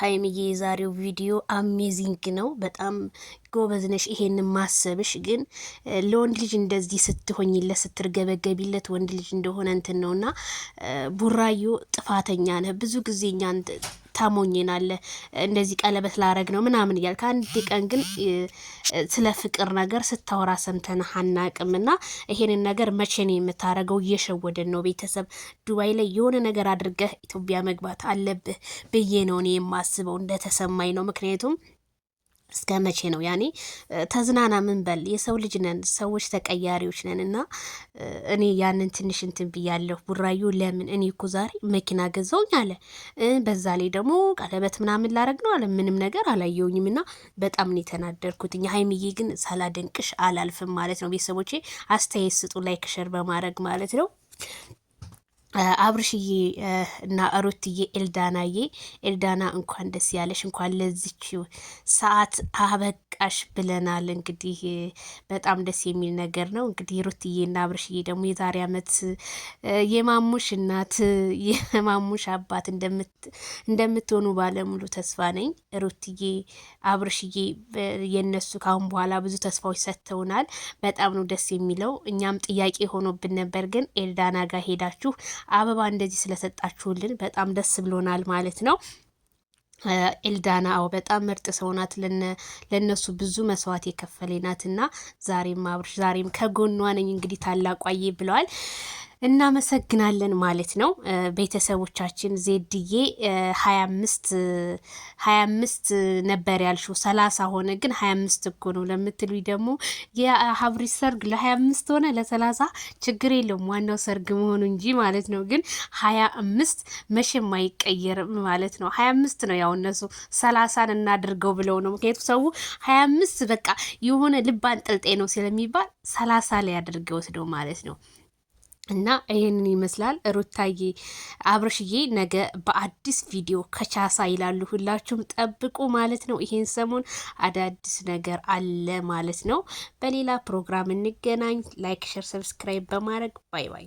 ሀይሚዬ የዛሬው ቪዲዮ አሜዚንግ ነው። በጣም ጎበዝ ነሽ፣ ይሄን ማሰብሽ። ግን ለወንድ ልጅ እንደዚህ ስትሆኝለት ስትርገበገቢለት ወንድ ልጅ እንደሆነ እንትን ነውና ቡራዮ ጥፋተኛ ነህ ብዙ ጊዜ እኛ ታሞኝናለ እንደዚህ ቀለበት ላረግ ነው ምናምን እያል አንድ ቀን ግን ስለ ፍቅር ነገር ስታወራ ሰምተን አናቅም። እና ይሄንን ነገር መቼን የምታረገው እየሸወደን ነው። ቤተሰብ ዱባይ ላይ የሆነ ነገር አድርገህ ኢትዮጵያ መግባት አለብህ ብዬ ነው እኔ የማስበው እንደተሰማኝ ነው ምክንያቱም እስከ መቼ ነው ያኔ ተዝናና ምንበል የሰው ልጅ ነን ሰዎች ተቀያሪዎች ነን እና እኔ ያንን ትንሽ እንትን ብያለሁ ቡራዩ ለምን እኔ እኮ ዛሬ መኪና ገዛውኝ አለ በዛ ላይ ደግሞ ቀለበት ምናምን ላረግ ነው አለ ምንም ነገር አላየውኝም እና በጣም ነው የተናደርኩት እኛ ሀይሚዬ ግን ሳላደንቅሽ አላልፍም ማለት ነው ቤተሰቦቼ አስተያየት ስጡ ላይክ ሸር በማድረግ ማለት ነው አብርሽዬ እና ሩትዬ ኤልዳናዬ ኤልዳና እንኳን ደስ ያለሽ፣ እንኳን ለዚች ሰዓት አበቃሽ ብለናል። እንግዲህ በጣም ደስ የሚል ነገር ነው። እንግዲህ ሩትዬ እና አብርሽዬ ደግሞ የዛሬ ዓመት የማሙሽ እናት የማሙሽ አባት እንደምትሆኑ ባለሙሉ ተስፋ ነኝ። ሩትዬ አብርሽዬ የነሱ ካሁን በኋላ ብዙ ተስፋዎች ሰጥተውናል። በጣም ነው ደስ የሚለው። እኛም ጥያቄ ሆኖብን ነበር፣ ግን ኤልዳና ጋር ሄዳችሁ አበባ እንደዚህ ስለሰጣችሁልን በጣም ደስ ብሎናል ማለት ነው። ኤልዳና አዎ በጣም ምርጥ ሰው ናት። ብዙ መስዋዕት የከፈለ ናት ዛሬም አብርሽ ዛሬም ከጎኗ ነኝ እንግዲህ ታላቋዬ ብለዋል። እናመሰግናለን ማለት ነው ቤተሰቦቻችን። ዜድዬ ሀያ አምስት ሀያ አምስት ነበር ያልሽው ሰላሳ ሆነ ግን ሀያ አምስት እኮ ነው ለምትሉ ደግሞ የሀብሪ ሰርግ ለሀያ አምስት ሆነ ለሰላሳ ችግር የለውም ዋናው ሰርግ መሆኑ እንጂ ማለት ነው። ግን ሀያ አምስት መቼም አይቀየርም ማለት ነው። ሀያ አምስት ነው ያው እነሱ ሰላሳን እናድርገው ብለው ነው። ምክንያቱ ሰው ሀያ አምስት በቃ የሆነ ልባን ጥልጤ ነው ስለሚባል ሰላሳ ላይ አድርገውት ነው ማለት ነው። እና ይህንን ይመስላል ሩታዬ አብርሽዬ፣ ነገ በአዲስ ቪዲዮ ከቻሳ ይላሉ። ሁላችሁም ጠብቁ ማለት ነው። ይሄን ሰሞን አዳዲስ ነገር አለ ማለት ነው። በሌላ ፕሮግራም እንገናኝ። ላይክ፣ ሸር፣ ሰብስክራይብ በማድረግ ባይ ባይ።